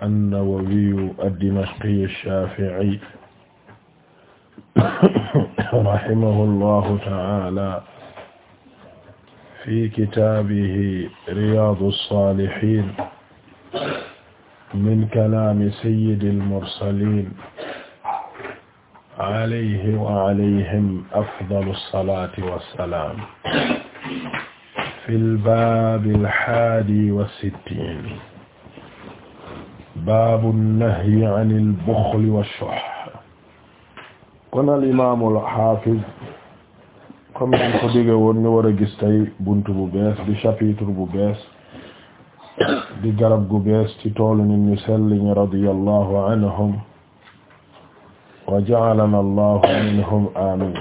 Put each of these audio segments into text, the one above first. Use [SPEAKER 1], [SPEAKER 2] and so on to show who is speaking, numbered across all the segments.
[SPEAKER 1] an-Nawawi ad-Dimashqi ash-Shafi'i rahimahullahu ta'ala fi kitaabihi Riyaadu s-Saalihiin min kalaami sayyidil mursaliin alayhi wa alayhim afdalu salaati wa salaam fil baabil haadi wa sittiin baabu nahyi an al-buxli wash kon al imaamul haafiz comme ni ko digge woon ñu war a gis tey buntu bu bees di chapitre bu bees di garab gu bees ci toolu nit ñu sell ñi radiyallahu anhum wa ja'alana allahu minhum amin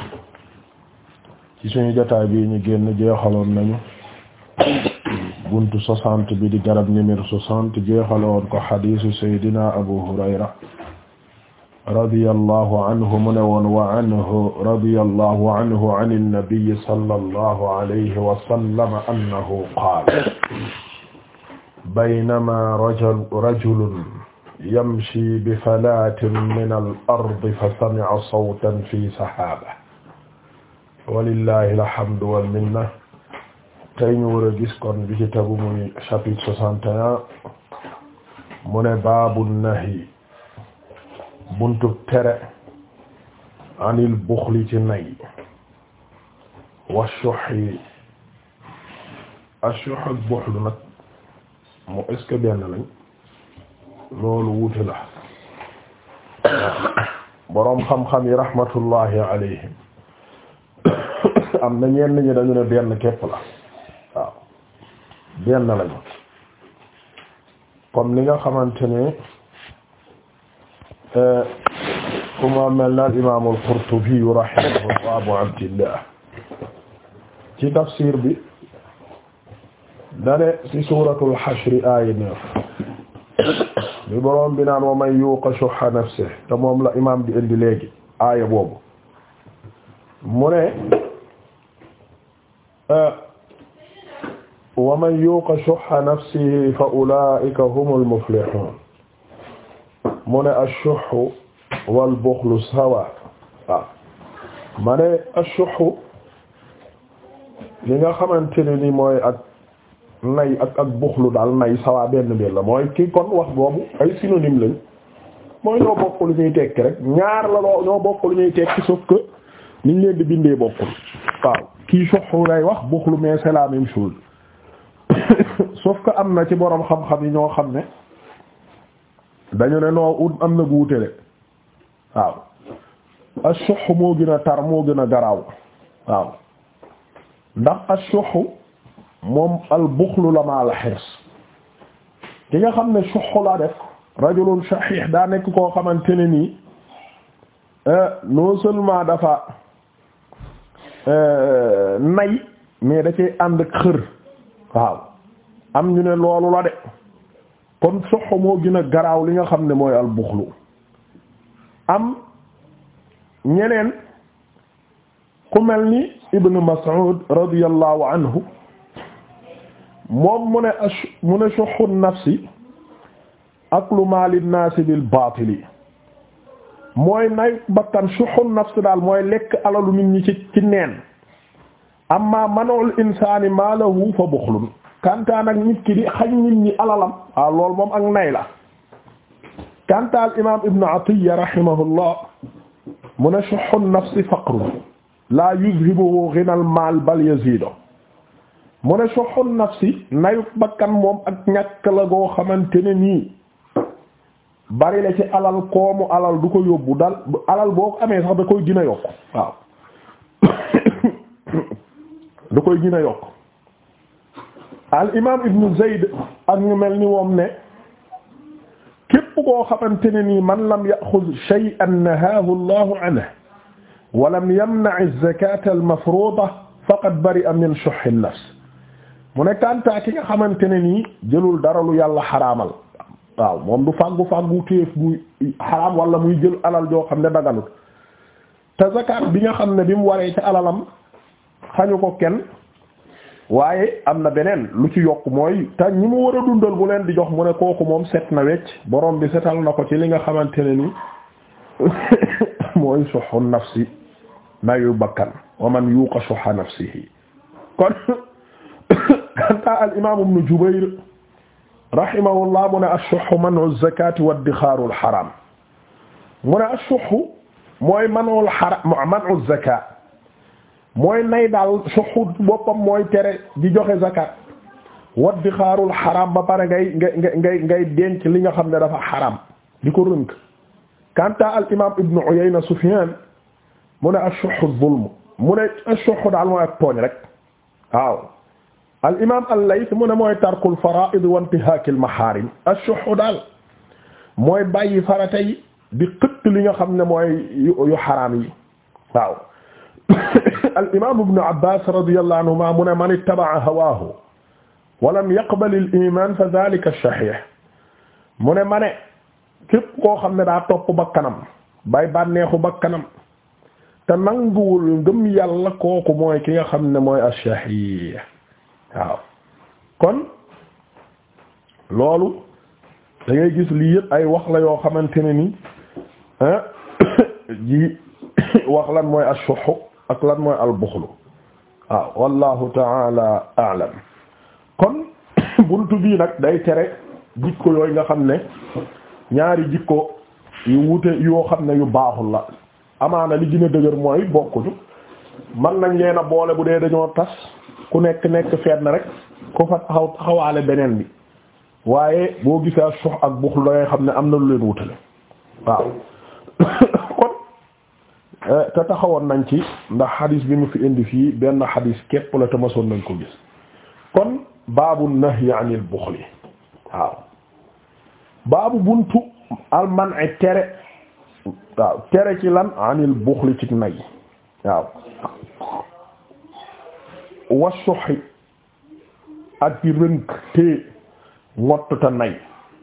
[SPEAKER 1] ci suñu jotaay bi ñu génn jeexaloon nañu buntu soixante bi di garab numéro soixante jeexaloon ko xadiisu saydina abu hurayra radiyallahu anhu mu ne woon wa anhu radiyallahu anhu an annabi sallallahu alayhi wa sallam annahu qaala baynama rajulun yamshi bi falaatin min al-ardi fa sami'a sawtan fi sahaaba walillahi alhamdu wal minna tey ñu war a gis kon bi ci tegu muy chapitre soixante et un mu ne baabu nahi buntu tere anil buxli ci nay wa shuhi ashuh ak buxlu nag mu est-ce que benn lañ loolu wuute la boroom xam-xam yi rahmatullahi alayhim am na ñenn ñi dañu ne benn képp la benn lañu comme li nga xamante ne euh, kuma mel na al-imaam al-Qurtubi rahimahullah Abu Abdillah ci tafsir bi dane ci suuratul Hashr aaya neuf bi boroom bi wa man yuuqa shuhha nafsihi te moom la imaam bi indi léegi aaya boobu mu ne euh, wa man yuuqa shuhha nafsihi fa ulaa'ika humul muflihuun mu ne ash-shuhhu wal buxlu sawa waaw ma ne ash-shuhhu li nga xamante ne ni mooy ak nay ak ak buxlu daal nay sawa benn biir mooy kii kon wax boobu ay synonyme lañ mooy ñoo bokk lu ñuy tekki rek ñaar la loo ñoo bokk lu ñuy tekki sauf que niñ leen di bindee bokkul waaw kii wax buxlu mais c'est la même sauf que am na ci boroom xam-xam yi ñoo xam ne dañu ne noo ut am na gu wutale waaw ashuh moo gën a tar moo gën a garaaw waaw ndax a ashuh moom al buxlu la ma al xirs ki nga xam ne shuh laa def rajulun shahih daa nekk koo xamante ne nii euh, non seulement dafa euh, nay mais da ànd ak xër waaw am ñu ne loolu la de kon soxo moo gën a garaaw li nga xam ne mooy albuxlu am ñeneen ku mel ni ibn Mas'ud radiyallahu anhu moom mu ne mu ne soxu nafsi aklu maalin naasi bil baatili mooy nay bakkan soxu nafsi daal mooy lekk alalu nit ñi ci ci neen amma manul insaani maalahu fa buxlun kantaan ak nit ki di xañ nit ñi alalam waaw ah, loolu moom ak nay la kantaal imam ibnu atiya rahimahullah mu ne shuhhu nafsi faqru la yuzhibuhu ghinal maal bal yazidu mu ne shuhhu nafsi nayu bakkan moom ak ñàkk la goo xamante ne nii bari la ci alal koomu alal du ko yóbbu dal alal boo ko amee sax da koy gën a yokk waaw du koy gën a yokk al imaam ibnu Zayd ak ñu mel ni moom ne képp koo xamante ne nii man lam yaxud shay'an nahaahu Allahu anhu wa lam yamna'i az-zakaata al-mafruuda faqad bari'a min shuhhi an-nafs mu ne kanta ki nga xamante ne nii jëlul dara lu yàlla xaraamal waaw moom du fàggu fàggu téef muy xaraam wala muy jël alal joo xam ne daganul te zakat bi nga xam ne bi mu waree ca alalam xañu ko kenn. waaye am na beneen lu ci yokk mooy te ñi mu dundal bu leen di jox mu ne kooku moom set na wecc borom bi setal na ko ci li nga xamante ne ni mooy suxu nafsi nayu bakkan wa man yuqa suxa nafsihi kon kanta al imam ibn Jubayr rahimahullah mu ne assuxu manu zakati wa dixaaru al xaram mu ne mooy manu al xaram manu zakat mooy nay daal suxut boppam mooy tere di joxe zakat wa di xaarul xaram ba pare ngay ngay ngay ngay li nga xam ne dafa xaram di ko rënk kanta al imam ibnu uyayna sufyan mu ne ashuhud zulm mu ne mooy ak tooñ rek al imam al-layth mu ne mooy fara'id wa intihakil maharim mooy bàyyi farata yi di xëtt li nga xam ne mooy yu xaram yi al imaam ibnu Abbaas radiyallahu anhumaa mu ne man ittaba'a hawaahu wa lam yaqbal al iimaan fa dhaalika shahiih mu ne ma ne képp koo xam ne daa topp bakkanam bay bànneexu bakkanam te nanguwul ngëm yàlla kooku mooy ki nga xam ne mooy ash-shahiih waaw kon loolu da ngay gis lii yëpp ay wax la yoo xamante ne ni ah, ji wax lan mooy ash-shuh ak lan mooy albuxlu waaw ah, wallahu taala aalam kon buntu bii nag day tere jikko yooyu nga xam ne ñaari jikko yu wute yoo xam ne yu baaxul la amaana li gën a dëgër mooy bokkuñu man nañ leen a boole bu dee dañoo tas ku nekk nekk na rek ku fa taxaw taxawaale beneen bi waaye boo gisee suux ak buxlu da ngay xam ne am na lu leen wutale waaw Eh, te taxawoon nañ ci ndax xadis bi mu fi indi fii benn xadis képp la te masoon nañ ko gis kon baabu nahyi anil buxli waaw baabu buntu alman ay e tere waaw tere ci lan anil buxli ci nay waaw wasuxi ak di rënk te ngott te nay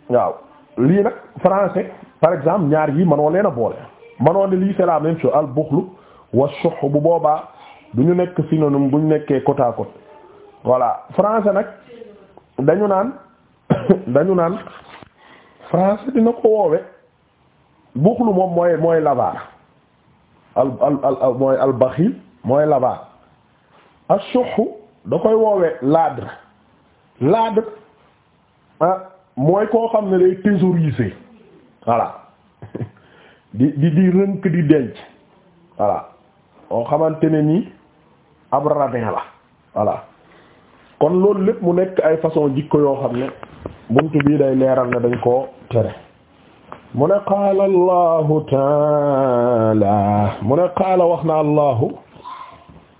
[SPEAKER 1] waaw lii nag français par exemple ñaar yi manoo leen a boole manoon ne lii c'est la al buxlu wa shuh bu boobaa du ñu nekk synonyme bu ñu nekkee côte à côte voilà français nag dañu naan dañu naan français dina ko woowe buxlu moom mooy mooy l'avare al al al mooy al baxiil mooy l'avare al shuh da koy woowe ladre ladre ah mooy koo xam ne day thésauriser voilà di di rënk di denc voilà oo xamante ne ni ab radin la kon loolu lépp mu nekk ay façon jikko yoo xam ne buntu bii day leeral ne dañ koo tere mu ne qaala allahu taala mu ne qaala wax na allahu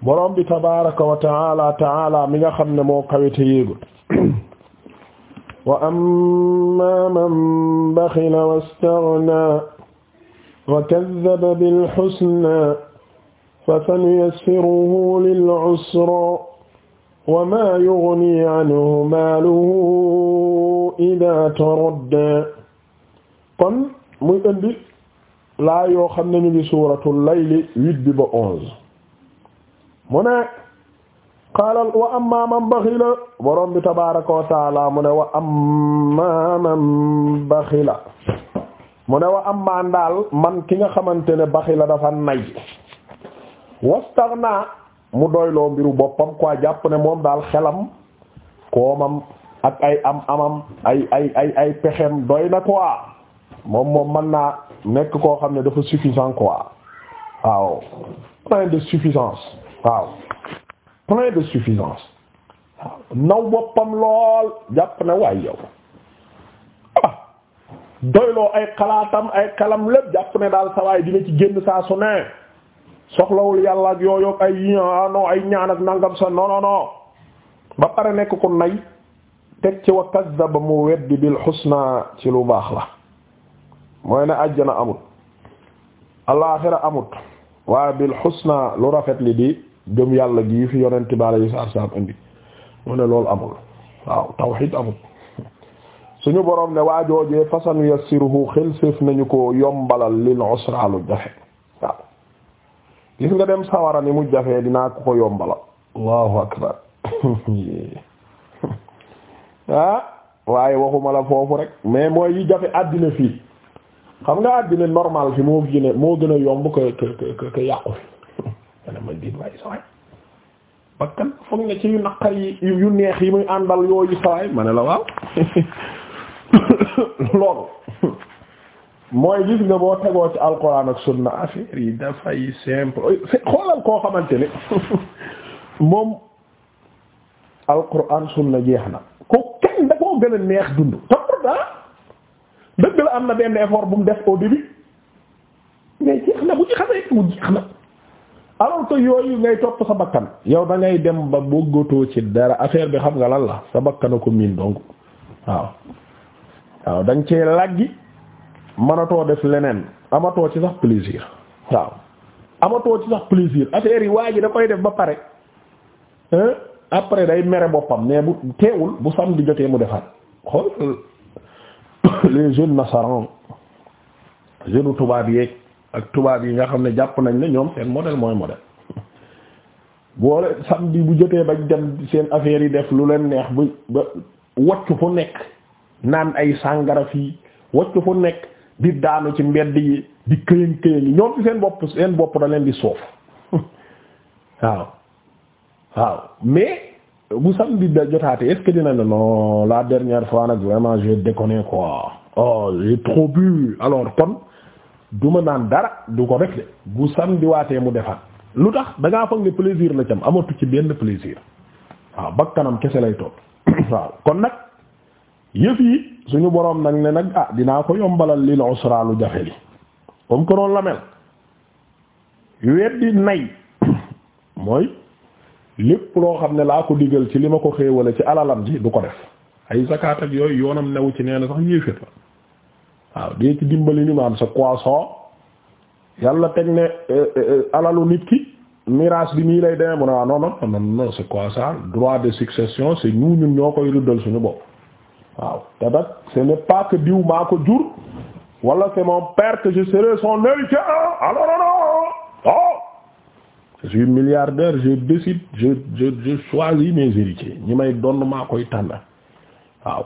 [SPEAKER 1] borom bi tabaraka wa taala taala mi nga xam ne moo kawite yéegul wa amma man baxila wastaghna wa kazzaba bil husnaa fasanuyassiruhu lil usraa wa maa yughnii anhu maaluhu idaa taraddaa kon muy indi laa yoo xam ne ñu ngi suuratul layli huit bi ba onze mu ne qaala wa ammaa man baxila borom bi tabaaraka wa ta'aala mu ne wa ammaa man baxila mu ne wa am maan man ki nga xamante ne baxi la dafa nay naa mu doyloo mbiru boppam quoi jàpp ne moom daal xelam koomam ak ay am amam ay ay ay pexem doy na quoi moom moom mën naa nekk koo xam ne dafa suffisant quoi waaw plein de suffisance waaw plein de suffisance naw boppam lool jàpp ne waay yow doyloo ay xalaatam ay xalam lépp jàpp ne daal sawaay dina ci génn saa su ne soxlawul yàlla ak yooyu ay ah non ay ñaan ak nangam sa non non non ba pare nekk ku nay teg ci wa kazzaba mu weddi bil xusna ci lu baax la mooy ne àjjana amut alaaxira amut waaye bil xusna lu rafet li di gëm yàlla gi fi yonent bi yi salaam indi mu ne loolu amul waaw tawxiid amul suñu boroom ne waajoojee fasanu yassiruhu xel séef nañu ko yombalal lil usra lu jafe waaw gis nga dem sawara ni mu jafee dinaa ko ko yombalal allahu akbar ah, waaye waxuma la foofu rek mais mooy yi jafe àddina fii xam nga àddina normal fi moo gën a yomb ko ko ko yàqu fi dana ma diin waaye sawaay bakkan foog ne ci yu naqar yi yu neex yi muy àndal yooyu sawaay ma ne la waaw loolu mooy gis nga boo tegoo ci alquran ak sunna affaire yi dafay simple eh, xoolal koo xamante ne moom alquran sunna jeex na ko kenn da gën a neex dund te pourtant dëgg la am na benn effort bu mu def au début mais jeex na bu jeex na alors que yooyu ngay topp sa bakkan yow da ngay dem ba bëggatoo ci dara affaire bi xam nga lan la sa bakkan a ko miin donc waaw waaw dañ nga cee laggi manatoo def leneen amatoo ci sax plaisir waaw amatoo ci sax plaisir affaire yi waa ji da koy def ba pare après day mere boppam mais bu teewul bu samedi jotee mu defaat xool les jeunes nasaraan jeunes tubaab yeeg ak tubaab yi nga xam ne jàpp nañ ne ñoom seen modèle mooy modèle boole samedi bu jotee bañ dem seen affaire yi def lu leen neex bu ba wacc fu nekk naan ay sàngara fii wacc fu nekk di daanu ci mbedd yi di këyën këyën yi ñoom ci seen bopp seen bopp da leen di soof waaw waaw mais bu samedi da jotaate est-ce que dina ne non la dernière fois nag vraiment j'ai déconné quoi oh j'ai trop bu alors kon du ma naan dara du ko rek de bu samedi waatee mu defaat lu tax da ngaa foog ne plaisir la cam amatu ci benn plaisir waaw bakkanam kese lay topp waaw kon nag yëf yi suñu boroom nag ne nag ah dinaa ko yombalal lil usra lu jafe li comme que noonu la mel weddi nay mooy lépp loo xam ne laa ko digal ci li ma ko xéewale ci alalam ji du ko def ay zakat ak yooyu yoonam newu ci nee na sax yéefét la waaw dee ci dimbali ni ma am sa poisson yàlla teg ne eh, eh, eh, alalu nit ki miraas bi nii lay demee mu ne waaw ah, non non non non c'est quoi ça droit de succession c'est ñu ñun ñoo koy ruddal suñu bopp waaw te nag ce n'est pas que diw maa ko jur walla c'est mon père que je serai son héritier alors ah, non non oh. je suis milliardaire je décide je je je choisis mes ñi may donn maa koy tànn waaw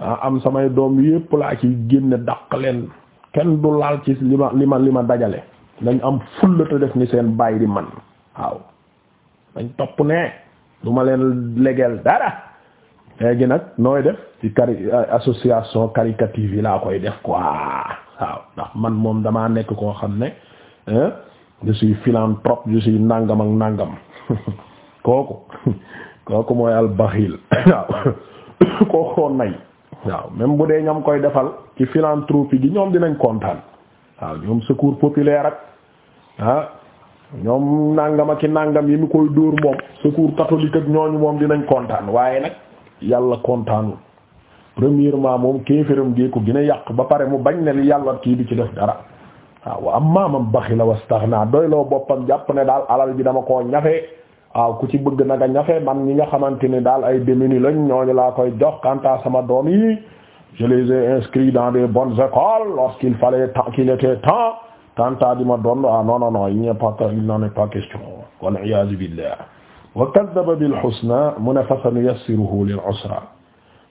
[SPEAKER 1] ah am samay doom yépp laa ci génne daq leen kenn du laal ci li ma li ma li ma dajale nañ am fulla te def ni seen baay di man waaw nañ topp ne du leen legeel dara léegi nag nooy def ci cari association caritative yi laa koy def quoi waaw ndax man moom damaa nekk koo xam ne je suis philanthrope je suis nàngam ak nàngam kooku kooku mooy al baxil waaw kookoo nay waaw même bu dee ñoom koy defal ci philanthropie gi ñoom dinañ kontaan waaw ñoom secours populaire ak ah, ñoom nàngam ak i nàngam yi mu koy dóor moom secours catholique ak ñooñu moom dinañ kontaan waaye nag yàlla kontaanul premièrement moom kéeféram gee ko gën a yàq ba pare mu bañ ne li yàlla kii di ci def dara waaw ah, wa ammaa man baxila wastaxnaa doyloo boppam jàpp ne daal alal ji dama koo ñafe waaw ah, ku ci bëgg nag a ñafe man ñi nga xamante ne daal ay démunis lañ ñooñu laa koy jox kanta sama doom yi je les ai dans de bonnes écoles lorsqu'il fallait temps qu'il était temps kanta di ma doon ah non non non il pas question wal iyaazu billah wa kaddaba bil husna mu ne fa sanuyassiruhu lil usra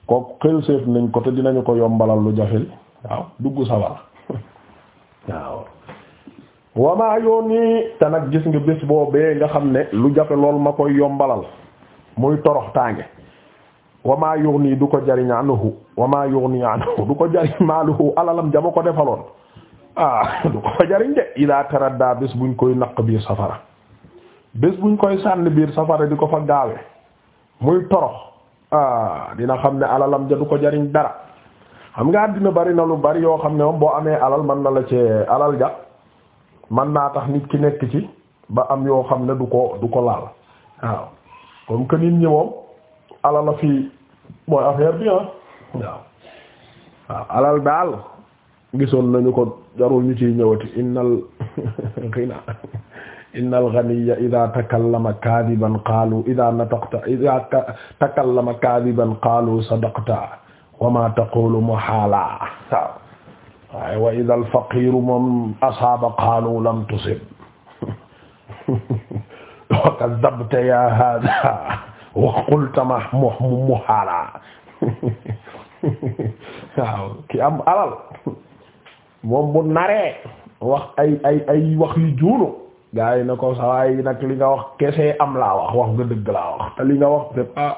[SPEAKER 1] kooku xelséef nañ ko te dinañu ko yombalal lu jafel waaw dugg sawara waaw wamaa yoon yi te nag gis nga bés boobee nga xam ne lu jafe lool ma koy yombalal muy torox tànge wamaa yoon nii du ko jariñ anhu wamaa yoon yi anhu du ko jariñ maaluhu alalam jama ko defaloon ah, du ko jariñ de ilaa taradda bés buñ koy naq biir safara bés buñ koy sànni biir safara di ko fa gaawe muy torox ah, dina xam ne alalam ja du ko jariñ dara xam nga àddina bari na lu bari yoo xam ne moom boo amee alal man na la ci alal ja man naa tax nit ki nekk ci ba am yoo xam ne du ko du ko laal waaw comme que nit ñi moom alal la fi bi ah waaw alal daal gisoon nañu ko jarul ñu ciy ñëwati innal xina inna al-ghaniyya idha takallama kadhiban qalu idha nataqta idha takallama kadhiban qalu sadaqta wa ma taqulu muhala waaye wa idha al-faqiru moom asaba qalu lam tusib wa kadhabta ya hadha wa qulta muhala waaw ki am alal moom bu naree wax ay ay ay wax yu juunu gaa yi na ko sawaay nag li nga wax kese am laa wax wax nga dëgg laa wax te li nga wax c'est pas ah,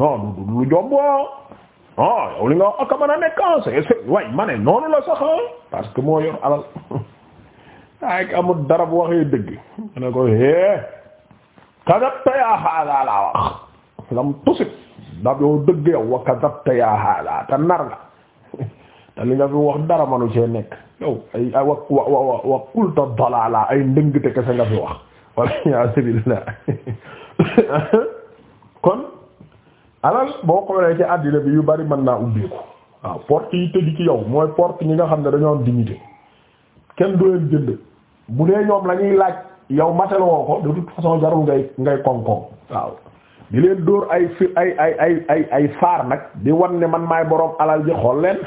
[SPEAKER 1] non du lu jomb ah. ah yow li nga wax aka mën a nekk ah c'est way ma noonu la sax ah. parce que moo yor alal ay amul dara bu waxee dëgg ma ne ko hee kadabta yaa haadaa laa wax lam tusit dab yow dëgg yow wa kadabta yaa haadaa te nar nga te li nga fi wax dara manu cee nekk yow ay wa wa wa wa kulta dalala ay ndëngte kese nga fi wax wala yasubillah kon alal boo ko waree ci àddina bi yu bari mën naa ubbeeku waaw porte yi tëj ci yow mooy porte ñi nga xam ne dañoo am dignité kenn du leen jënd bu dee ñoom la ñuy laaj yow mateloo ko de toute façon jarul ngay ngay koŋ-koŋ waaw di leen dóor ay fi ay ay ay ay faar nag di wan ne man maay boroom alal ji xool leen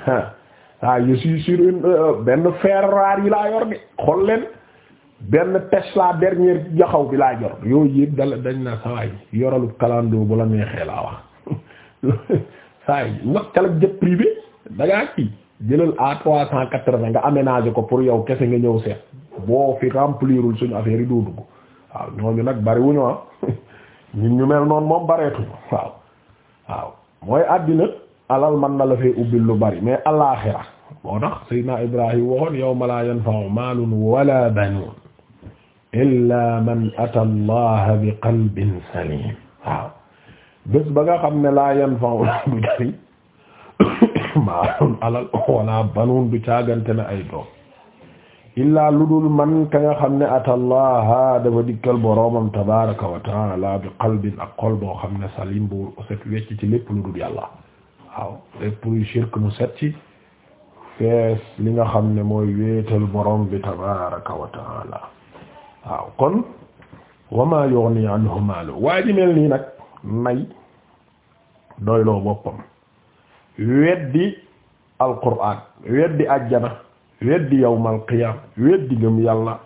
[SPEAKER 1] Euh, benn Ferrari laa yor de xool leen benn Tesla dernière jaxaw bi laa yor yooyu yëpp dala dañ na sawaay yoralu kalandoo bu la neexee laa wax saay ñokkale jet privé da ngaa kii jëlal à trois cent quatre-vingts nga aménager ko pour yow kese nga ñëw seet boo fi remplirul suñu affaire yi doo dugg waaw ñooñu nag bari wuñu ah ñu mel noonu moom bareetuñu waaw waaw mooy àddina alal man na la fee ubbil lu bari mais alaaxira boo tax Seydina Ibrahim waxoon yawma laa yanfa'u maalun wala banuun illaa man ata Allaha bi qalbin salim waaw bés ba nga xam ne laa yanfa'u du jariñ maalun alal wala banuun du caagante ne ay doom illaa lu dul man ka nga xam ne atallaha dafa dikkal boroomam tabaraka wa taala bi qalbin ak xol boo xam ne salim bu set wecc ci lépp lu dul yàlla waaw lépp luy shirk mu set ci fees li nga xam ne mooy wéetal borom bi tabaraka wa taala waaw kon wama yughni anhu maalu waa nii nag nay doyloo boppam weddi alquraan weddi ajjana weddi yawmal qiyaam weddi gëm yàlla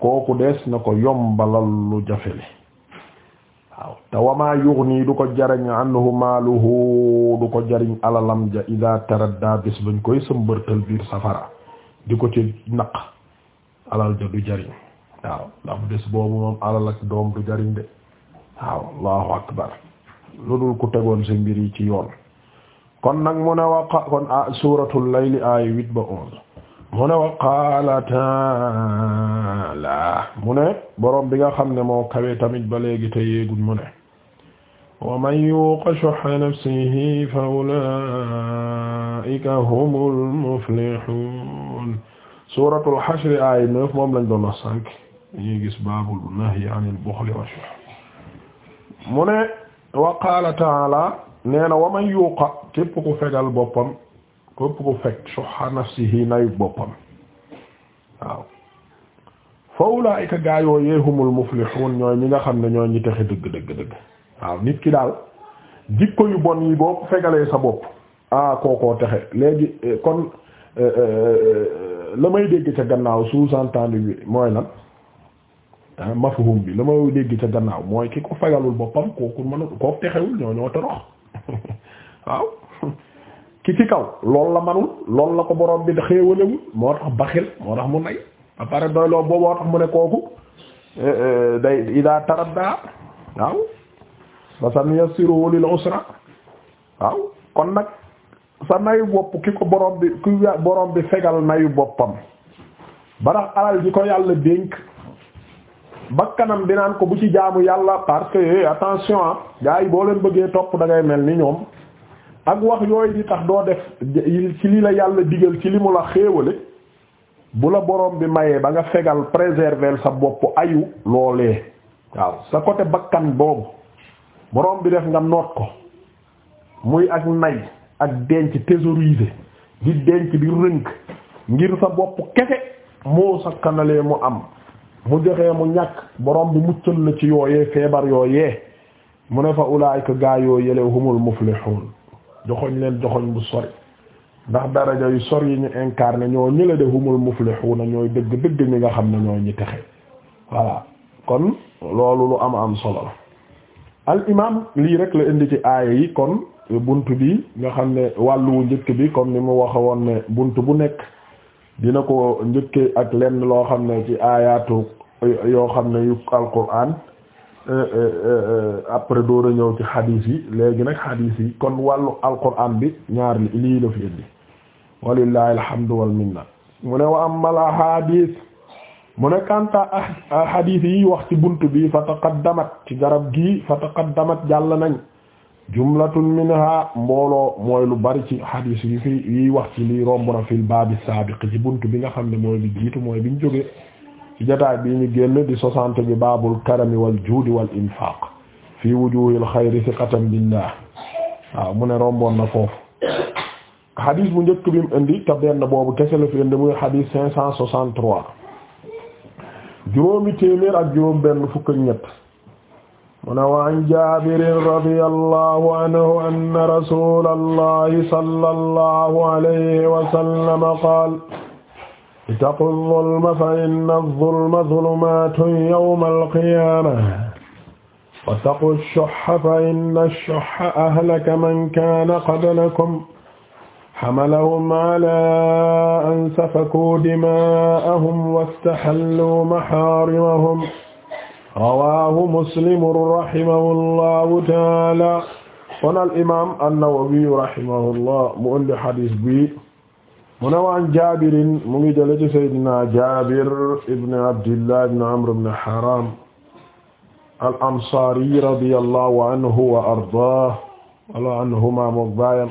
[SPEAKER 1] kooku dees na ko yombalal lu jafele waaw te wamaa yughni du ko jariñ anhu maaluhu du ko jariñ alalam ja ida taradda bis bañ koy sëmbërtal biir safara di ko ci naq alal ja du jariñ waaw ndax bis boobu moom alal doom du jariñ de waaw allahu akbar lu dul ku tegoon si mbir yi ci yoon kon nag mu ne waqa kon ah, suratul layli aaya huit ba onze mu ne wa qaala taala mu ne borom bi nga xam ne moo kawe tamit ba léegi te yéeguñ mu ne wa man yuuqa shuhha nafsihi fa ulaa'ika humul muflihuun suuratul hashr aaya neuf moom lañ doon wax sànq ñuy gis baabul nahyi anil buxli wa shuh mu ne wa qaala taala nee na wa man yuuqa képp ku fegal boppam képp ku fekk suxa nafsihi nayu boppam waaw fa ulaa'ika gaa yooyee humul muflihun ñooy ñi nga xam ne ñooy ñi texe dëgg dëgg dëgg waaw nit ki daal jikko yu bon yi boo ko fegalee sa bopp ah kookoo texe léegi eh, kon eh, eh, la may dégg ca gannaaw sous-entendu bi mooy lan ah mafhum bi la may dégg ca gannaaw mooy ki ko fegalul boppam kooku mënul kooku texewul ñoo ñoo torox waaw ki ci kaw loolu la manul loolu la ko borom bi xéewalewul moo tax baxil moo tax mu nay ba pare doy loo booboo tax mu ne kooku eh, eh, day ida taradda waaw fa sanyassiruhu lil usra waaw kon nag sa nayu bopp ki ko borom bi ki borom bi fegal nayu boppam ba tax alal ji ko yàlla dénk bakkanam dinaan ko bu ci jaamu yàlla parce que eh, attention ah gars yi boo leen bëggee topp da ngay mel ni ñoom ak wax yooyu di tax doo def ci li la yàlla digal ci li mu la xéewale bu la borom bi mayee ba nga fegal préserver sa boppu ayu loolee waaw sa côté bakkan boobu borom bi def nga noot ko muy ak nay ak denc thésauriser di denc di rënk ngir sa boppu kese moo sa mu am mu joxee mu ñàkk borom bi muccal la ci yooyee feebar yooyee mu ne fa ulaayika gaa yoo yele humul muflihun joxoñ leen joxoñ bu sori ndax daraja yu sori yi ñu incarné ñoo ñëla de humul na ñooy dëgg dëgg ñi nga xam ne ñoo ñi texe voilà kon loolu lu am am solo la al imam lii rek la indi ci aaya yi kon bunt bi nga xam ne wàllu njëkk bi kon ni mu waxe woon ne bunt bu nekk dina ko njëkke ak lenn loo xam ne ci aayaatu yoo xam ne yu alquran Euh, euh, euh, après door a ñëw ci xadiis yi léegi nag xadiis yi kon wàllu alquran bi ñaar li lii la fi indi walillahi alhamdu wal minna mu ne wa amal ahadith mu ne kanta ahadith yi wax ci bunt bi fa taqaddamat ci garab gii fa taqaddamat jàll nañ jumlatun minha mbooloo mooy lu bari ci xadiis yi fi yiy wax ci lii romb na fil baabi saabiq ci bunt bi nga xam ne mooy bi jiitu mooy biñ jógee ci jotaay bi ñu génn di soixante bi baabul wal juudi wal infaq fii wujuhil xayri siqatan mu ne romboon foofu xadis bu njëkk bi mu indi te benn boobu kese la fi indi muy xadis cinq cent soixante trois juróomi téeméer ak juróom benn fukk ak ñett mu ne wa an jaabirin radiyallahu anhu anna rasulallahi sallallahu alayhi wa sallam qaala ittaqu zulma fa inna zulma zulumaatun yawmal qiyaama wattaqu shuhha fa inna shuhha ahlaka man kaana qablakum hamalahum alaa an safakuu dimaa'ahum wastahalluu mahaarimahum rawaahu muslimun rahimahullahu ta'aalaa kon al imaam an-Nawawi rahimahullah mu indi hadiis bi mu ne waan jaabirin mu ngi jële ci saydina jaabir ibn abdillah ibn amr haram al ansaari radiyallahu anhu wa ardaah wala anhuma moom baayam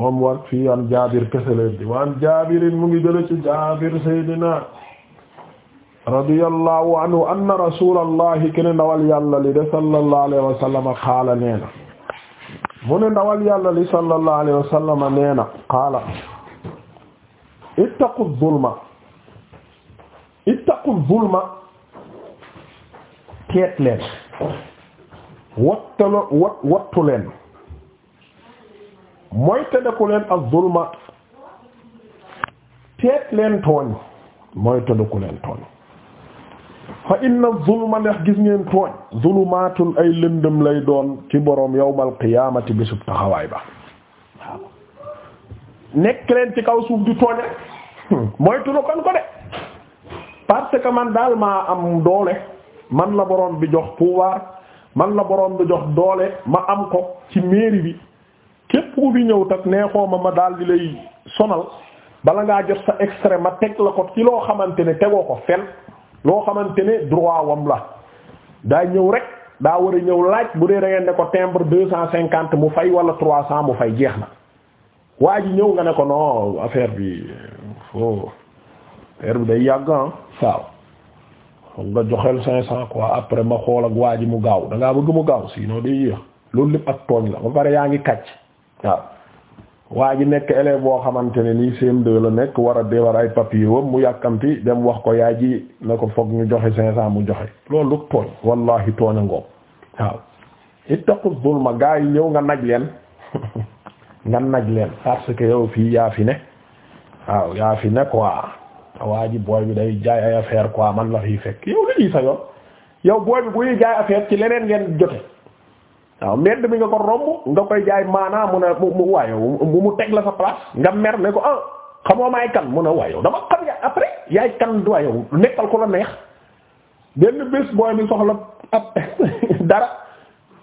[SPEAKER 1] moom war an jaabir kese leen di waan jaabirin mu ngi jële ci jaabir saydina radiyallahu anhu anna rasulallahi kene ndawal li de sallallahu alayhi wa sallam qaala neena mu ne li sallallahu alayhi wa sallam neena ittaqu zulma ittaqu zulma teet leen wattalo wat wattu leen mooy tëddaku leen ak zulma teet leen tooñ mooy tëddaku leen tooñ fa inna zulma ndax gis ngeen tooñ zulumaatun ay lëndëm lay doon ci boroom yawmal qiyaamati bisub taxawaay ba nekk leen ci kaw suuf di tooñ mooy la kon ko parce que man daal am doole man la borom bi jox pouvoir man la borom bi jox doole ma am ko ci mairie bi képp ku ñëw tak neexoo ma ma daal di lay sonal bala ngaa jot sa extrait ma teg ci loo xamante ne tegoo ko fen loo xamante ne droit wam la daa ñëw rek daa war a ñëw laaj bu dee da ko timbre deux cent cinquante mu fay wala trois cent mu fay jeex na waa ji ñëw nga ne ko non affaire bi. oh heure bi day yàgg ah saaw foog nga joxel cinq cent après ma xool ak waa ji mu gaaw da bëgg mu gaaw sinon day yéex loolu lépp ak tooñ la ba pare yaa ngi kàcc waaw waa ji nekk élève boo xamante ne nii CM2 la nekk war a déwar ay papier wam mu yàkkamti dem wax ko yaay ji na ko foog ñu joxe cinq cent mu joxe loolu tooñ wallahi tooñ a ngoom waaw ittaqu ma gaa yi ñëw nga naj leen nga naj leen parce que yow fii yaa fi ne waaw yaa fi ne waa ji booy bi day jaay ay affaire quoi man la fi fekk yow li ñuy sa yoon yow booy bi buy jaay affaire ci leneen ngeen jote waaw mbedd mi nga ko romb nga koy jaay maanaa mu ne mu waaye mu teg la sa place nga mer ne ko ah xamoo maay kan mu ne waaye yow dama xam yaay après yaay kan du yow nekkal ko la neex benn bés booy bi soxla ab dara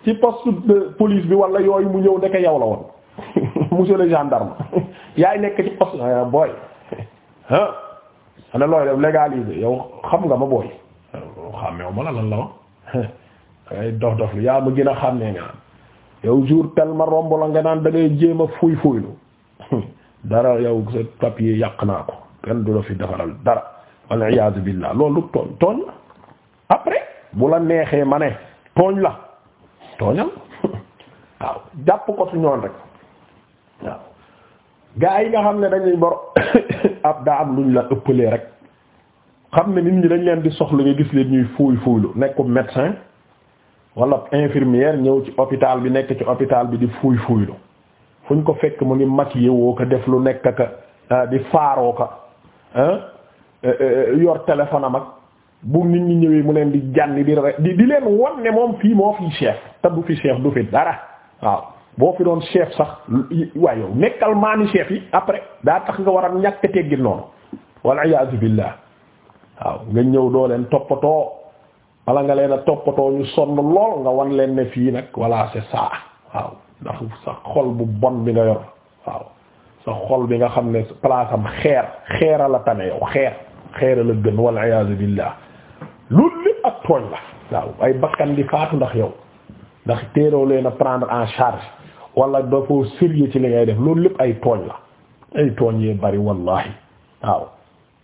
[SPEAKER 1] ci poste police bi wala yooyu mu ñëw ndeke yow la woon. monsieur le gendarme yaay nekk ci poste ah, booy ah ma ne looy def légaliser yow xam nga ma booy xàmmeew ma la lan la ay dof dof lu yaa ma gën a xam ne nga naan yow jour tel ma romb la nga naan da ngay jéem a fuy fuylu dara yow sa papier yàq naa ko kenn du la fi defaral dara wal iyaazu billaah loolu tooñ tooñ la après bu la neexee ma ne tooñ la tooñal waaw jàpp ko su ñoon rek waaw gaa yi nga xam ne dañuy bor ab daa am luñ la ëppalee rek xam ne nit ñi dañ leen di soxla nga gis leen ñuy fooy fooylu nekkum médecin wala infirmière ñëw ci hôpital bi nekk ci hôpital bi di fooy fooylu fu ñu ko fekk mu ngi mag woo ko def lu nekk ka ah, di faaroo ka ah, eh, eh, yor téléphone mag ak bu nit ñu ñëwee mu leen di jànni di di leen won ne moom fii moo fi chef te du fi chef du fi dara waaw boo fi doon chef sax waaye yow nekkal maami chef yi après daa tax nga war a ñàkk teggin noonu wal iyaazu billah waaw nga ñëw doo leen toppatoo wala nga leen a toppatoo ñu sonn lool nga wan leen ne fii nag voilà c'est ça waaw ndax sa xol bu bon bi nga yor waaw sa xol bi nga xam ne place xeer xeera la tane yow xeer xeera la gën wal iyaazu billah loolu lépp ak tooñ la waaw ay bakkan di faatu ndax yow ndax téeroo leen a prendre en charge wala dafoo sérieux ci li ngay def loolu lépp ay tooñ la ay tooñ yee bari wallahi waaw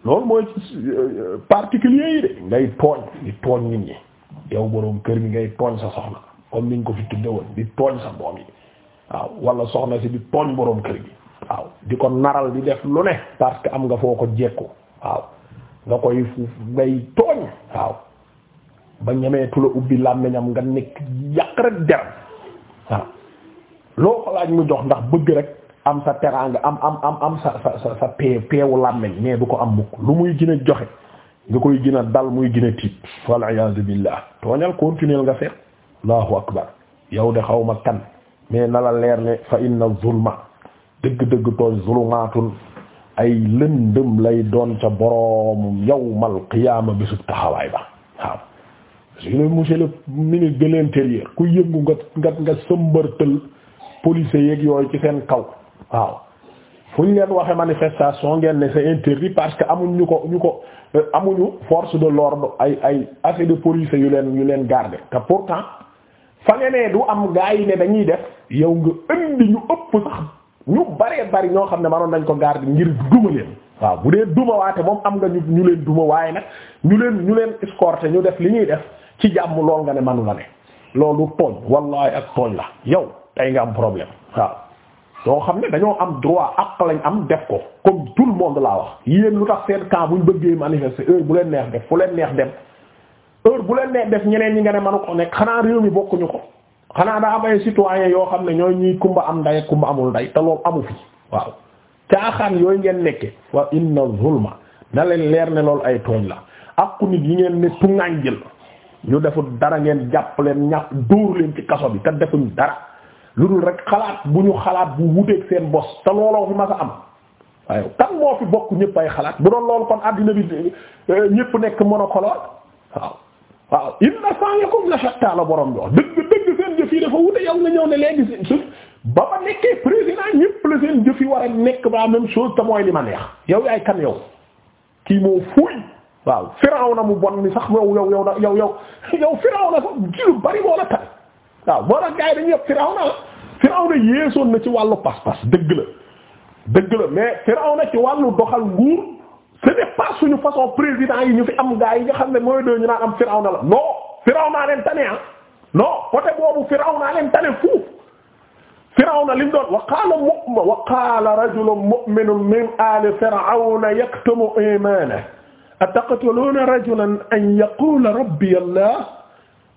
[SPEAKER 1] loolu mooy ci euh, particulier yi de ngay tooñ di tooñ nit ñi yow boroom kër gi ngay tooñ sa soxna comme niñ ko fi tudde woon di tooñ sa doom yi waaw wala soxna si di tooñ boroom kër gi waaw di ko naral di def lu ne parce que am nga foo ko jekku waaw nga koy ngay tooñ waaw ba ñemeetu la ubbi làmmiñam nga nekk yàq rek deram waaw loo ko mu jox ndax bëgg rek am sa teraanga am am am am sa sa sa peewu làmmeñ mais du ko am mukk lu muy gina joxe nga koy gën dal muy gën a tiit wal iyaazu billah tooñal continuer nga seet allahu akbar yow de xaw ma kan mais na la leer ne fa inna zulma dëgg-dëgg tooñ zulumaatun ay lëndëm lay doon ca boroom yawmal qiyaama bésub taxawaay ba waaw monsieur le monsieur le de l'intérieur ku yëngu nga nga nga police yeeg yooyu ci seen kaw waaw fu ñu leen waxee manifestation ngeen ne c'est interdit parce que amuñ ñu ko ñu ko euh, amuñu force de l'ordre ay ay assez de police yu leen yu leen garder te pourtant fa nga ne du am gaa yi ne dañuy def yow nga indi ñu ëpp sax ñu baree bari ñoo xam ne manoon nañ ko garder ngir duma leen waaw bu dee duma waate moom am nga ñu ñu leen duma waaye nag ñu leen ñu leen escorter ñu def li ñuy def ci jàmm lool nga ne manu la ne loolu tooñ wallahi ak tooñ la yow tey nga am problème waaw yoo xam ne dañoo am droit ak lañ am def ko comme tout le monde laa wax yéen lu tax seen camp buñ bëggee manifester heure bu leen neex def fu leen neex dem heure bu leen neex def ñeneen ñi nga ne manu ko nekk xanaa réew mi bokkuñu ko xanaa daa am ay citoyens yoo xam ne ñooy ñuy kumba am nday kumba amul nday te loolu amu fi waaw caaxaan yooyu ngeen nekke wa inna zulma na leen leer ne loolu ay tooñ la akku nit yi ngeen ne tuŋaañ jël ñu deful dara ngeen jàpp leen ñàpp dóor leen ci kaso bi te dara lu dul rek xalaat bu ñu xalaat bu wuteeg seen bos te looloo fi ma sa am waaye kan moo fi bokk ñëpp ay xalaat bu doon loolu kon addina bi ñëpp nekk monocolore waaw waaw inna sa'yakum la shatta la borom bi seen jëf dafa wute yow nga ñëw ne léegi su ba ma nekkee président ñëpp la seen jëf yi war a nekk ba même chose te mooy li ma neex yow yaay kan yow kii moo mu bon sax yow yow yow yow yow lu bari moo la waaw moo tax gars yi dañuy yëpp Firawna Firawna yeesoon na ci wàllu pas-pas dëgg la dëgg la mais Firawna ci wàllu doxal nguur ce n'est pas suñu façon président yi ñu fi am gars yi nga xam ne mooy doo ñu naan am Firawna la non Firawna leen tane ah non côté boobu Firawna leen tane fuuf Firawna li doon wa qaala mu wa min aali Firawna yaktumu iimaanahu ataqtuluuna rajulan an yaquula rabbiya Allah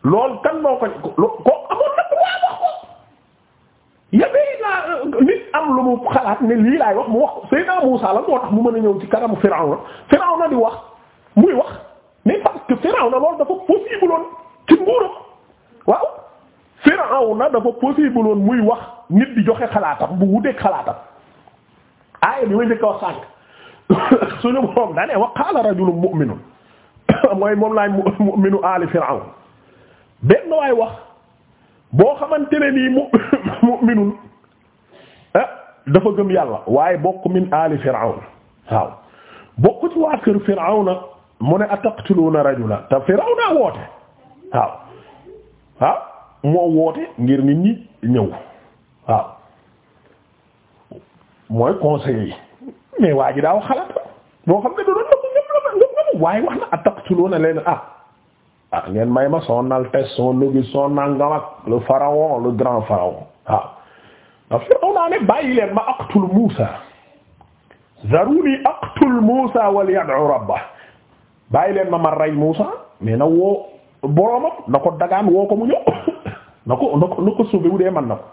[SPEAKER 1] lool kan moo ko koo amoon na droit wax ko yabee naa nit am lu mu xalaat ne lii laay wax mu wax ko Seydina Muusaa la moo tax mu mën a ñëw ci kanamu Firawna na di wax muy wax mais parce que Firawna loolu dafa possible woon ci nguuram waaw Firawna dafa possible woon muy wax nit di joxe xalaatam bu wuteeg xalaatam aaya bi may njëkk wax sànq suñu borom daa ne wa qaala rajulun mu'minun mooy moom laay mu'minu aali Firawna benn waay wax boo xamante ne nii mu mu'minun ah dafa gëm yàlla waaye bokk min aali Firawna waaw bokk ci waa kër Firawna mu ne ataqtuluuna rajula te Firawna woote waaw waaw moo woote ngir nit ñi ñëw waaw mooy conseiller mais waa ji daaw xalaat boo xam ne da doon na ko ñëpp la waaye wax na ataqtuluuna leen ah. ah ngeen may ma son altesse son logus son nangam ak le pharaon le grand pharaon waaw ah. ah, Firawna ne bàyyi ma aqtul Muusa zaruni aqtul Muusa wal yad'u rabbah bàyyi leen ma ma rey Muusa mais na woo boromam na ko dagaan woo ko mu ñëw na ko na dee man na ko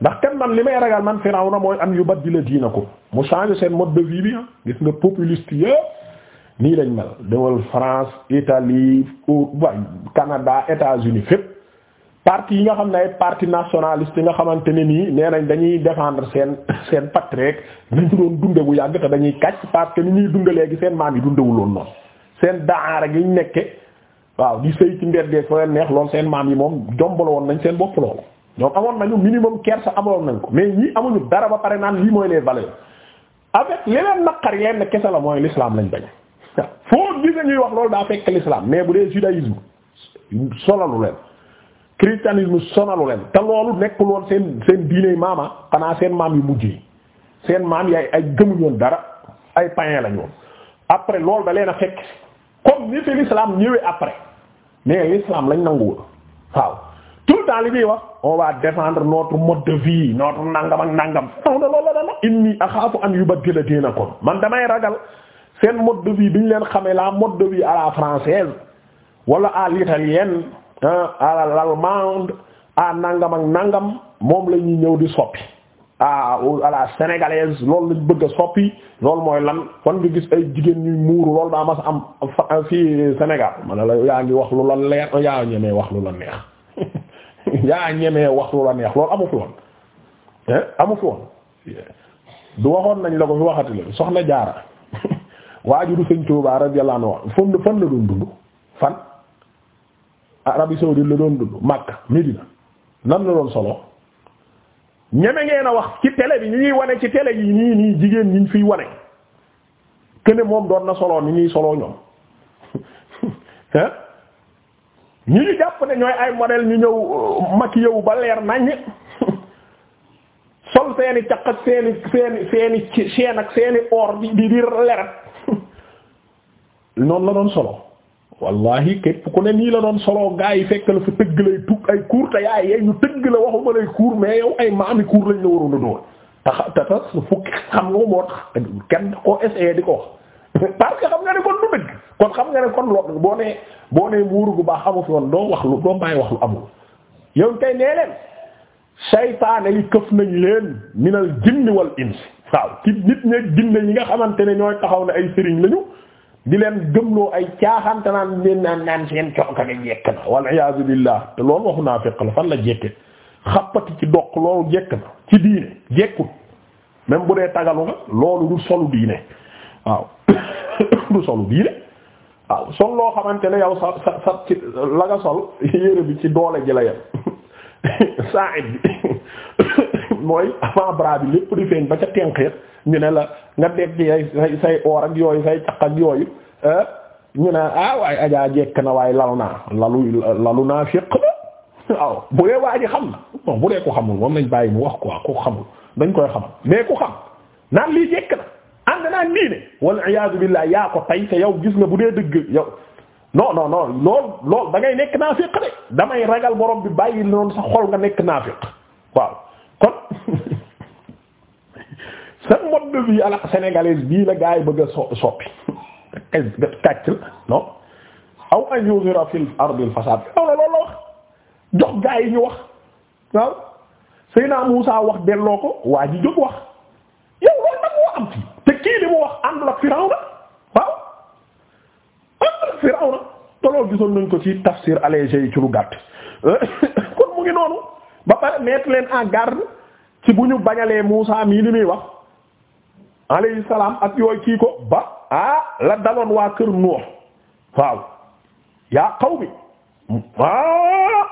[SPEAKER 1] ndax kenn man li may ragal man Firawna mooy am yu baddila diinakum mu changer seen mode de vie bi ah. gis nga nii lañ mel dewal France Italie Canada États-Unis fépp parti yi nga xam ne ay parti nationaliste yi nga xamante ne nii nee nañ dañuy défendre seen seen patrie rek nañu dunde bu yàgg te dañuy kàcc parce que ni ñuy dunde léegi seen maam yi dundewuloon noonu seen daara gi ñu nekke waaw di sëy ci mbeddeeg fa leen neex lool seen maam yi moom jombal woon nañ seen bopp loolu ñoom amoon nañu minimum kersa amoon nañ ko mais ñi amuñu dara ba pare naan lii mooy les valeurs avec leneen naqar yenn kese la mooy l'islam lañ bañ foo gis ñuy wax loolu daa fekk l'islam mais bu dee judaïsme sonalu leen christianisme sonalu leen te loolu nekkul woon seen seen diine maama xanaa seen maam yu mujj yi seen maam yaay ay gëmuñu woon dara ay païens lañu woon après loolu da leen a fekk comme ni fi l'islam ñëwee après mais l'islam lañ nanguwul waaw tout le temps li muy wax on va défendre notre mode vie notre nangam ak nangam tax na loolu la dana inni axaafu an yubaddila dinakum man damay seen mode de vie bi leen xamee la mode de vie à la française wala à l'italienne à l'allemande à nangam ak moom lañuy ñëw di soppi à à la sénégalaise loolu lañ bëgg a soppi loolu mooy lan kon nga gis ay jigéen ñuy muuru loolu daa mas am fii Sénégal man la yaa ngi wax lu la leer yaa ñemee wax lu la neex yaa ñemee wax lu la neex loolu amu fi woon amu fi woon du waxoon nañ la ko fi waxati la soxna jaara waajuru sëñ Tuubaa radiyallahu anhu fan la fan la doon dund fan Arabie saoudite la doon dund Makka Medina nan la doon solo ñeme ngeen a wax ci télé bi ñu ñuy wane ci télé yi nii nii jigéen ñi ñu fiy wane kene moom doon na solo ni ñuy solo ñoom ah ñu ñu jàpp ne ñooy ay modèle ñu ñëw euh, maquillé ba leer nañ sol seeni caq ak seeni seeni seeni seeni or di di di leret noonu la doon solo wallahi képp ku ne nii la doon solo gaa yi fekk la fa tëgg lay tukk ay kuur te yaay yey ñu tëgg la waxuma lay kuur mais yow ay maami kuur lañ la waroon a doon taxa te tax fukki xam nga moo tax kenn di ko parce que xam nga ne kon du dëgg kon xam nga ne kon loolu boo nee boo nee muuru gu baax amu fi woon doo wax lu doo bàyyi wax lu amul yow tey nee leen saytaane yi këf nañ leen minal jinni wal insi waaw ci nit ñeeg jinne ñi nga xamante ne ñooy taxaw na ay sëriñ lañu di leen gëmloo ay caaxante naan leen naan naan seen cooka nga jekk na wal iyaazu billah te loolu waxu naa la fan la jekke xappati ci doq loolu jekk na ci diine jekkul même bu dee tagalu nga loolu du solu diine waaw sol loo xamante ne yow sa sa sa ci la nga sol yére bi ci doole ji la yem saa bi mooy avant bras bi di feeñ ba ca tenqeet ñu ne la nga dégg ay say say oor yooyu say caq ak yooyu ah, ñu ne ah waaye ajaa jekk na waay lalu naa lalu lalu naa féq bu dee waa ji xam na bu dee ko xamul moom lañ bàyyi mu wax quoi ko xamul dañ koy xam naan lii jekk na ànd naa nii ne wala billaah yaa ko tay te yow gis nga bu dee dëgg yow non non non lool lool nekk naafiq de damay ragal boroom bi bàyyi noonu sa nga nekk naafiq waaw sa mode de vie à bii la gaa yi bëgg a so soppi kàcc la non aw an yuzira fil ardil fasad aw loolu la wax jox gaa yi ñu wax waaw Seyna Muusa wax delloo ko waa ji jóg wax yow loolu nag moo am te kii li mu wax àndul ak Firawna waaw àndul ak Firawna te loolu gisoon nañ ko ci tafsir allégé yi ci lu gàtt kon mu ngi noonu ba pare mettre leen en garde ci bu ñu bañalee Muusa mii li muy wax alayhi salaam ak yooyu kii ko ba ah la daloon waa kër Nuux waaw yaa qawmi ah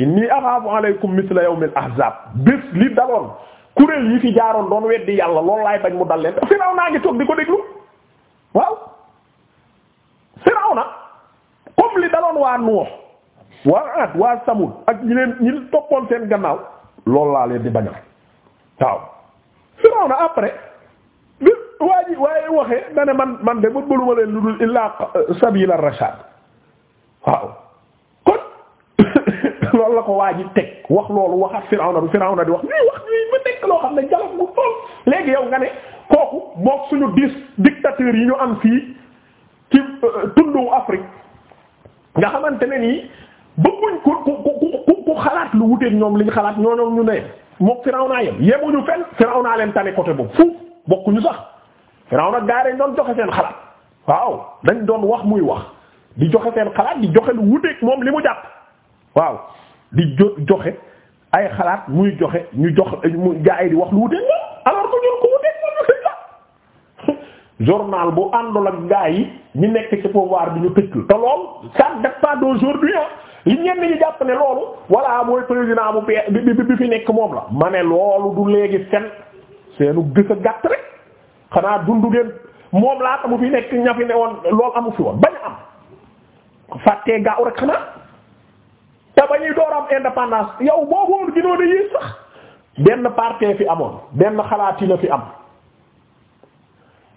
[SPEAKER 1] inni axaafu alaykum misla yawmil ahzaab bés li daloon kuréel yi fi jaaroon doon weddi yàlla loolu laay bañ mu dal leen Firawna ngi toog di ko déglu waaw Firawna comme li daloon waa Nuux waa Aad waa Samud ak ñi leen ñi toppoon seen gannaaw lool laa leen di bañal waaw Firawna après. waa ji waaye waxee na ne man man de bëggaluma leen lu dul illaa sabila rashad waaw kon loolu la ko waa ji teg wax loolu waxat Firawna bu Firawna di wax ñii wax ñii ma nekk loo xam ne jalak mu tool léegi yow nga ne kooku boog suñu dix dictateurs yi ñu am fii ci euh, tundu nga xamante ne nii bëgguñ ku ku ku ku xalaat lu wuteek ñoom liñ xalaat ñoo ñoom ñu ne mook Firawna yem yemuñu fenn Firawna leen tane côté boobu fuuf bokkuñu sax firaw nag gaa dañ doon joxe seen xalaat waaw dañ doon wax muy wax di joxe seen xalaat di joxe lu wuteeg moom li mu jàpp waaw di jo joxe ay xalaat muy joxe ñu jox mu gaa yi di wax lu wuteeg moom journal bu àndul ak gaa yi ñu nekk ci pouvoir bi ñu tëj la te lool ça ne date pas d'aujourd'hui li ñenn ñi jàpp ne loolu voilà mooy président bu bi fi nekk moom la ma ne loolu du léegi fen seenu gës a gàtt rek xanaa dundu ngeen moom laata mu fi nekk ña ne woon loolu amu fi woon bañ a am fàttee gaaw rek xanaa te ba ñuy door yow boo ko ginoo ne yii sax benn parti fi amoon benn xalaati na fi am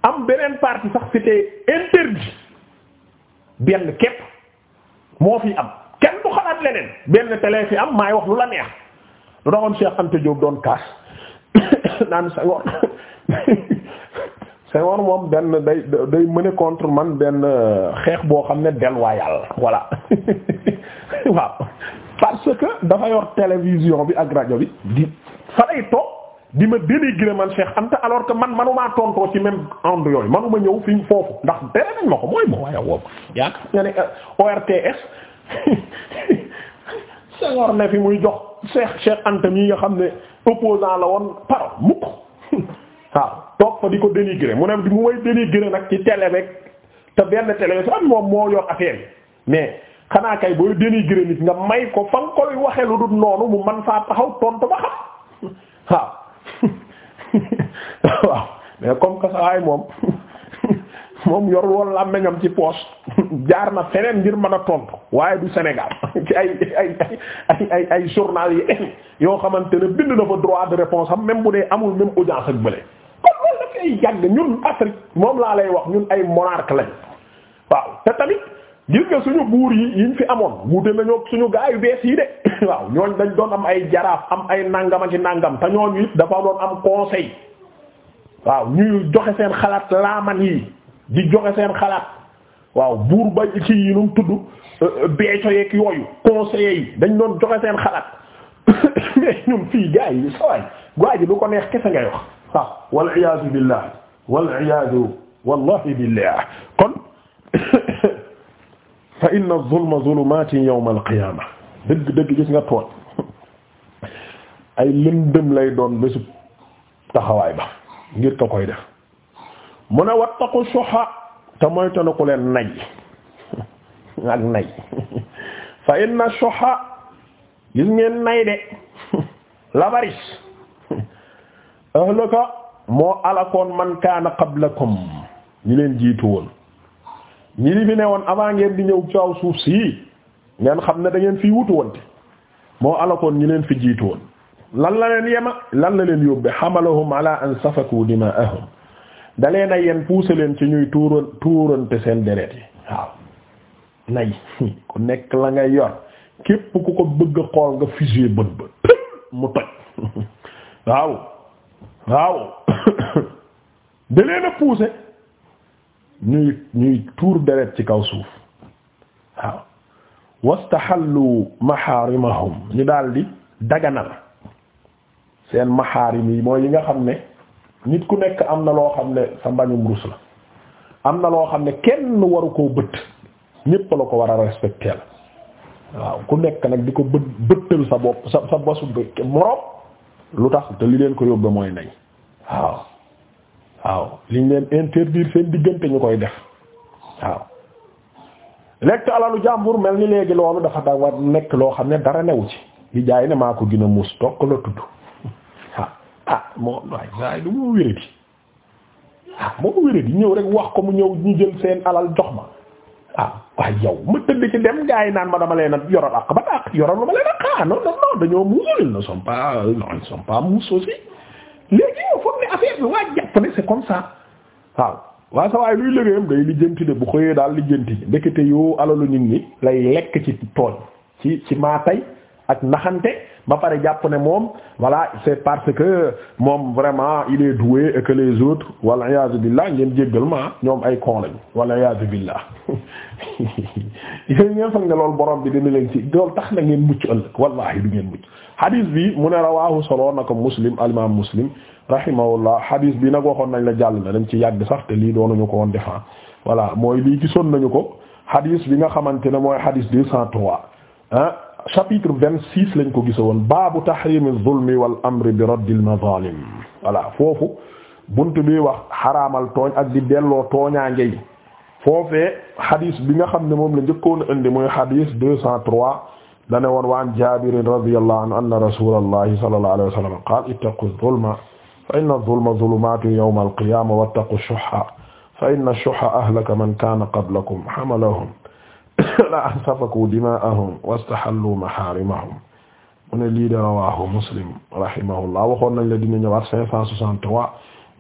[SPEAKER 1] am beneen parti sax c'était interdit benn képp moo fi am kenn du xalaat leneen benn télé fi am maay wax lu la neex lu taxoon Cheikh Anta doon kaas naan sa ngoon Senghor moom benn day day mëne contre man benn euh, xeex boo xam ne déloyal voilà waaw parce que dafa yor télévision bi ak rajo bi di fa lay toog di ma dénigrer man Cheikh Anta alors que man manumaa tontoo ci même endroit yooyu manuma ñëw fi foofu ndax tere nañ ma ko mooy moo waaye woobu yaakaar nga ne euh, ORTS Senghor fi muy jox Cheikh Cheikh Anta mi nga xam ne opposant la woon paro mukk waaw toog fa di ko dénigrer mu ne mu may dénigrer nag ci télé rek te benn télé su am moom moo yor affaire bi mais xanaa kay booy dénigrer nit nga may ko fa nga koy waxee lu dul noonu mu man faa taxaw tontu ba xam waaw mais comme que sa moom yor woon la meñam ci poche jaar na feneen ngir mën a tontu waaye du Sénégal ci ay ay ay ay ay journal yi yoo xamante ne bind na fa droit de réponse am même bu dee amul même audience ak bële. day yàgg ñun Afrique moom laa lay wax ñun ay monarque lañ waaw te tamit gis nga suñu buur yi yiñ fi amoon wuute nañoo suñu gaa yu bees yi de waaw ñooñ dañ doon am ay jaraaf am ay nàngam ak i nàngam te ñooñu it dafa doon am conseil waaw ñuy joxe seen xalaat laaman yi di joxe seen xalaat waaw buur ba ci yi num tudd euh, beeco yeeg yooyu conseillers yi dañ doon joxe seen xalaat mais ñun fii gaa yi sawaay gaa ji lu ko neex kese ngay wax waaw wal iyaazu billah wal iyaazu wallahi billah kon fa inna zulma zulumatin yawma alqiyama dëgg dëgg gis nga tooñ ay lëndëm lay doon bésub taxawaay ba ngir ko koy def mu ne wattaqu shuha te mooy tanu ku leen nay ak nay fa inna gis ngeen nay de labaris ahlaka moo alakoon man kaana qablakum ñu leen jiitu woon ñi li fi ne woon avant ngeen di ñëw caaw suuf si ngeen xam ne dangeen ngeen fi wutu woon te moo alakoon ñi leen fi jiitu woon lan la leen yema lan la leen yóbbe xamalahum ala an safaku dimaahum da leen a yen puuse leen ci ñuy tuuran tuurante seen deret yi waaw nay ku nekk la ngay yor képp ku ko bëgg xool nga fusée bët ba mu toj waaw waaw da leen a ñuy ñuy tuur deret ci kaw suuf waaw wastahallu maharimahum ñu daal di daganal seen mahaarim yi mooy yi nga xam ne nit ku nekk am na loo xam ne sa mbañum rus la am na loo xam ne kenn waru koo bëtt ñépp la ko war a respecter la waaw ku nekk nag di ko bë bëttal sa bopp sa sa bosu moroom lu tax te li leen ko yóbbe mooy nay waaw waaw liñ leen interdire seen diggante ñu koy def waaw lekk alalu jàmbur mel ni léegi loolu dafa dawa nekk loo xam ne dara newu ci di jaay ne maa ko gën a muus tokk la tudd ah ah moo waay waay du moo wéradi ah moo wéradi ñëw rek wax ko mu ñëw ñu jël seen alal jox ma ah waaye yow ma tëdd ci dem gars naan ma dama leen a yoral ak ba ak yoral ma leen ak ah non non non dañoo muusul euh, ils ne sont pas non ils ne sont léegi yow foog ne affaire bi waa jàpp ne c'est comme ça waaw waa sa waaye luy liggéeyam day lijjanti de bu xëyee daal lijjanti ndekete yoo alalu nit ñi lay lekk ci tooñ ci ci maa tey ak naxante ba pare jàpp ne moom voilà c'est parce que moom vraiment il est doué et que les autres wal iyaazu billah ngeen jéggal ma ñoom ay con lañ wal iyaazu billah yéen ngeen foog ne loolu borom bi dina leen ci loolu tax na ngeen mucc ëllëg wallahi du ngeen mucc hadis bi mu ne rawaahu solo na ko muslim alimaam muslim rahimahullah hadis bi nag waxoon nañ la jàll na dañ ci yàgg sax te lii doonuñu ko woon defaa voilà mooy lii gisoon nañu ko hadis bi nga xamante ne mooy hadis 203 ah. chapitre vingt-six lañ ko gisa woon baabu tahrimi zulmi wal amri bi raddil mazalim voilà foofu bunt bi wax xaraamal tooñ ak di delloo tooñaange yi foofee xadis bi nga xam ne moom la njëkkoon indi mooy xadis deux cent trois dane woon wa an jabirin radiyallahu anhu anna rasulallahi sallallahu alayhi wa sallam qaal ittaqu zulma fa inna zulma zulumatun yawma alqiyama wattaqu shuhha fa inna shuhha ahlaka man kana qablakum hamalahum la an safaku dimaahum wastahallu maharimahum mu ne lii de rawahu muslim rahimahullah waxoon nañ la dina ñëwaat cinq cent soixante-trois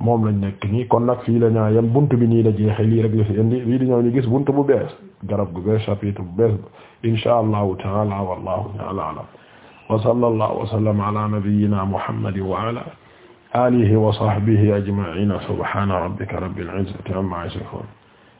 [SPEAKER 1] moom lañ nekk nii kon nag fii la ñaa yem bunt bi nii la jeexe lii rek la fi indi lii di ñëw ñu gis bunt bu bees garab gu bees chapitre bu bees insha allahu taala wallahu taala alam wa sallallahu wa sallama ala nabiyyina muhammadin wa ala alihi wa sahbihi ajma'ina subhana rabbika rabbil izzati amma yasifun